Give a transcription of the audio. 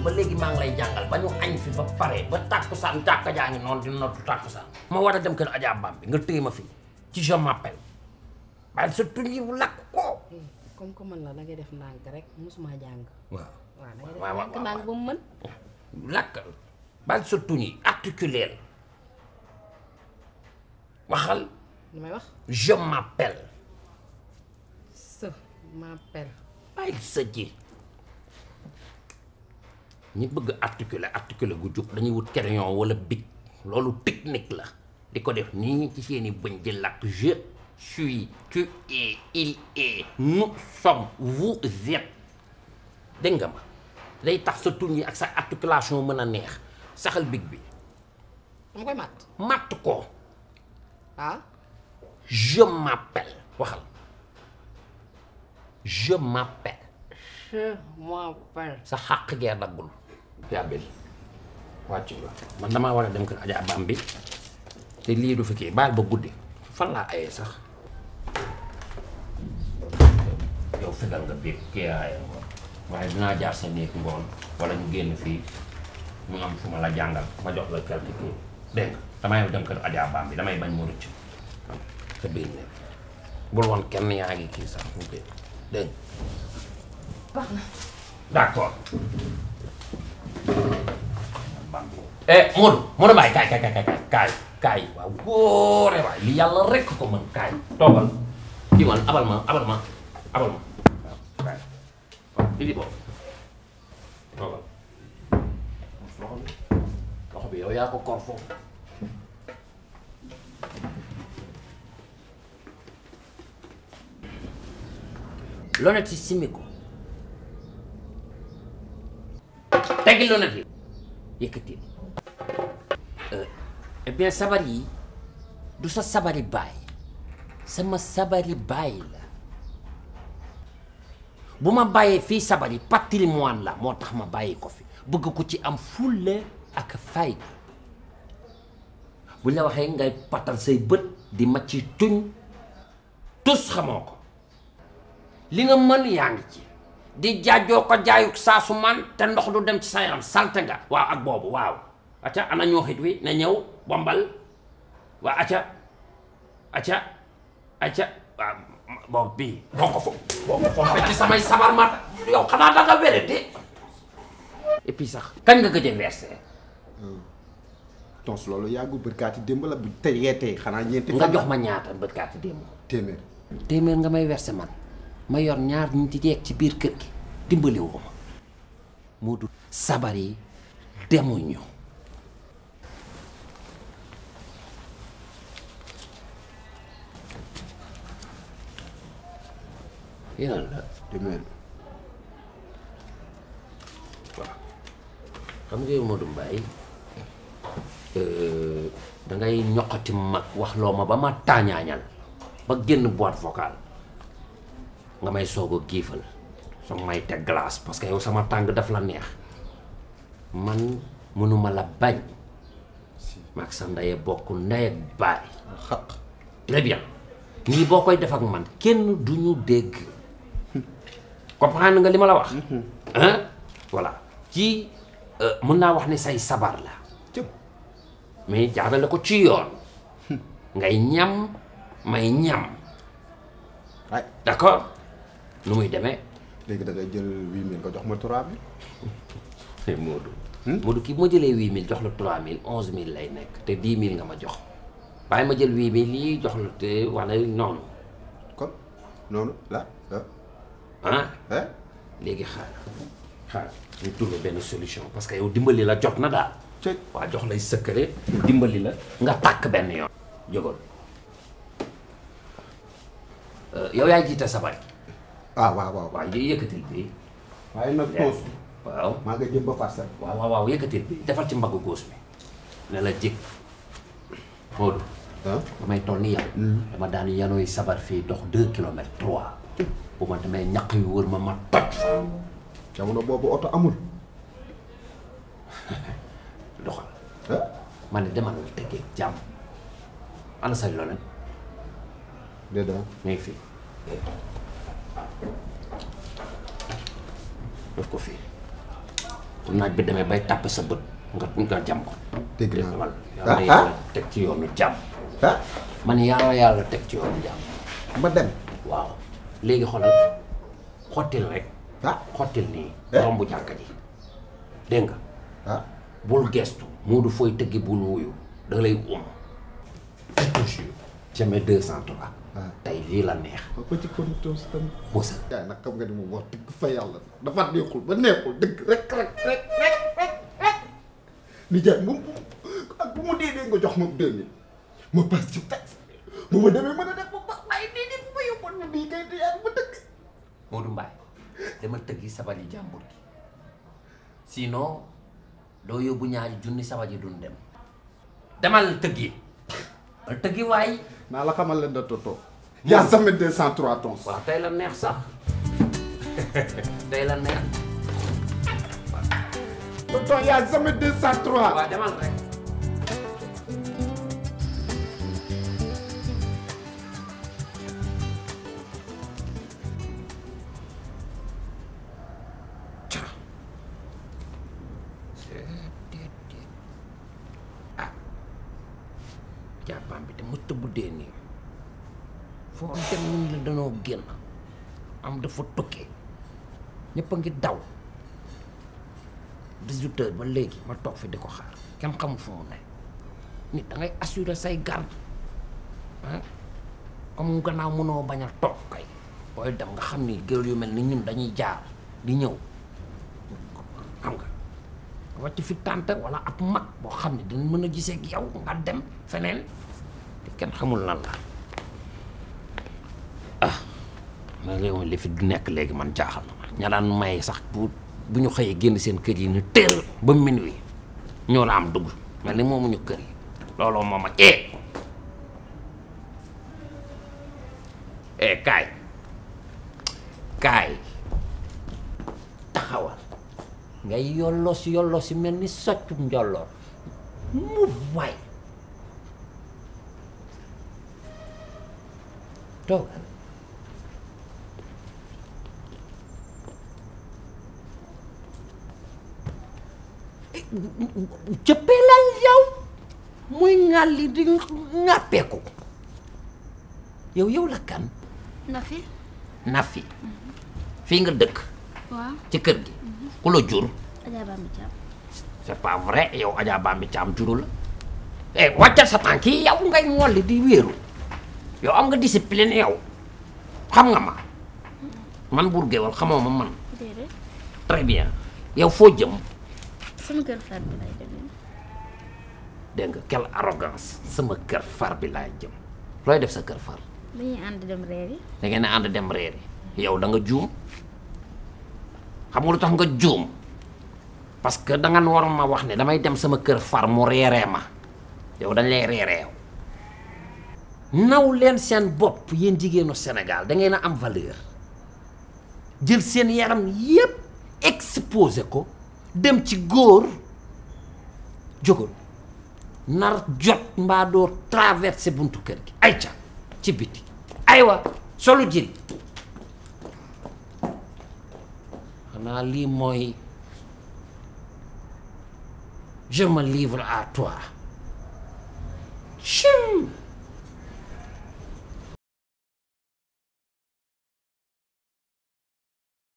ba léegi maa ngi lay jàngal ba ñu añ fi ba pare ba tàkkusaan jàkka jaa ngi noonu di noddu tàkkusaan ma war a dem kër Adja Bambi nga téye ma fi ci je m'appelle waaye sa tuñ def ndànk rek mosuma jàng. waaw waaw waaw ba mën. lakkal baal sa tuñ yi articulé waxal. li wax je m'appelle. se m'appelle. bàyyi sa ji. ñu bëgg articuler articuler gu jub dañuy wut crayon wala bic loolu technique la di ko def nii ci seeni bëñ di lakk je suis tu es il est nous sommes vous êtes dégg ma day tax sa tuñ yi ak sa articulation mën a neex saxal bic bi. dama koy màtt. màtt ko. ah. je m'appelle waxal je m'appelle. je m'appelle. sa xàq gee daggul. yàbbil wàccu la man damaa war a dem kër Adja bi te lii du fi kii baal ba guddi fan laa ayee sax yow fegal nga biir kii aaye waaye dinaa jaar sa néeg ngoon wala ñu génn fii mu am fu ma la jàngal ma jox la quelque kii dégg nga dem kër Adja bi damay bañ mu rëcc sa biir bul woon kenn yaa ngi kii sax mu dégg nga. eh Modou Modou Mbaye kaay kaay kaay kaay kaay waaw wóore waay li yàlla rek ko mën abal ma abal ma abal ma waaw kaay waaw li di boobu toogal yëkkatil eh, eh sabar yi du sa sabari baay sama sabari baay la bu ma bàyyee fii sabari patrimoine la moo tax ma bàyyi ko fi bëgg ko ci am fulle ak fayda bu la waxee ngay patal say bët di ma ci tuñ tus xamoo ko li nga mën yaa ngi ci di jaajoo ko jaayuk saa su man te ndox du dem ci sa yaram salte nga waaw ak boobu waaw acca ana ñooxit wi na ñëw bombal waa acca acca acca waaw boobu bii boo ko fo boo ko fo ci samay sabar mat yow xanaa da nga de et sax kañ nga gëj a versé tons loolu yàggu bërkaati démb la bu tey yee tey xanaa ñeenti nga jox ma ñaata bërkaati démb téeméer téeméer nga may versé man ma yor ñaar ñu di yeeg ci biir kër gi dimbali ma moo du sabar yi demuñu yéen la demee waaw xam nga yow Modou Mbaye euh, dangay ñoqati mag waxloo ma ba ma taañaañal ba génn boîte vocale nga may soog a giifal soo may teg glace parce que yow sama tàng daf la neex man mënuma la bañ maag sa ndaye bokk ndey ak baay xaq nii boo koy def ak man kenn du ñu dégg comprendre nga li ma la wax mhm. hein voilà ci euh, mën naa wax ne say sabar la mais jaarale ko ci yoon hmm. ngay ñam may ñam d'accord nu muy demee. léegi da jël huit mille nga jox ma trois mille. Moodu. Moodu kii bu ma jëlee huit mille jox la trois mille onze mil lay nekk te dix mille nga ma jox waaye ma jël huit mille yi jox la te wala noonu. kon noonu la léegi xaar xaar ñu trouvé benn solution parce que yow dimbali la jot na daal. waa jox lay sëkkëre dimbali la nga tàkk benn yoon jógal euh, yow yaay jiite sabar ah waaw waaw waaw yëkkatil bi. waaye nag toos. waaw maa ngi jëm ba waaw waaw waaw yëkkatil bi defal ci mbagg góos bi. ne la jég. Modou. damay toll ni yow. Hmm. dama daan yanooy sabar fii dox deux kilomètres trois. bu ma demee ñaq yu wër ma ma toj. jamono boobu oto amul. doxal. ma ne demal nga jàmm. ana say loolu. déedéet. mi ngi def ko fii bu naaj bi demee bay tàpp sa bët nga nga jam ko. dégg naa ah, ah. yàlla teg ci yoonu jàmm. ah man yàlla yàlla teg ci yoonu jàmm. ma dem. waaw léegi xoolal xottil rek. ah xottil nii. Eh. bu jàkka ji dégg nga. ah bul gestu. Moodu fooy tëggi bul wuyu da lay um. toujours jamais deux cent lii la neex. waaw ko ci kontoon si tamit. Moussa. yaay nag xam nga ni moom wax dëgg fa yàlla dafa neexul ba neexul rek rek rek rek ni jaay bu ma dee dee nga jox ma deux mille ma pass ci tax bu ma a def ba ba waaye nii nii bu ma yóbboon ni bii gi sinon doo yóbbu ñaari junni sabar yi duñ dem. demal tëggi. tëggi waay. naa la xamal leen da toto yaa samay 203 tonnes. waaw tey la neex sax tey la neex. tonton yaa samay 203. waaw demal rek. ah bi de mu tëb bu dee nii. foo dem génn am dafa tukki ñëpp a daw 18 ba léegi ma toog fi di ko kenn xamu fu mu nit da ngay say garde ah comme gannaaw mënoo bañ a toog kay dem nga xam ni géwél yu mel ni ñun dañuy jaar di ñëw xam nga wàcc fi tànta wala ab mag boo xam ne dina mën a gisee ak yow nga dem feneen te kenn xamul lan la léegi li nekk léegi man jaaxal na ma. ña daan sax bu bu ñu xëyee génn seen kër yi ñu teel ba minuit ñoo la am dugg mel ni moomuñu kër yi looloo moom ak eh. eh kaay taxawal ngay yollos yollos yi mel ni soccum njolloor mu waay cëppeelal yow muy ŋàlli di ŋàppeeku yow yow la kan Nafi Nafi fii nga dëkk waaw ci kër gi ku la jur Adja Bambi Thiam c'est pas vrai yow Adja Bambi la eh wàccal sa tànk yi ngay ngolli di wéeru yow am nga discipline yow xam nga ma man Bour Guéweul xamoo ma man très bien sama kër far bi laay dégg nga quelle sama kër bi laay jëm looy def sa kër far. dañuy ànd dem reer yi. da ngeen ànd dem reer yow da nga juum xam nga lu tax nga juum parce que da nga waroon ma wax ne damay dem sama kër far mu reeree ma yow dañ lay reeree yow naw leen seen bopp yéen jigéenu senegal da ngeen a am valeur jël seen yaram yépp exposé ko. dem ci góor jógal nar jot mbaa doo traversé buntu kër gi ay ca ci biti aywa solu jël xanaa lii mooy je me livre à toi chim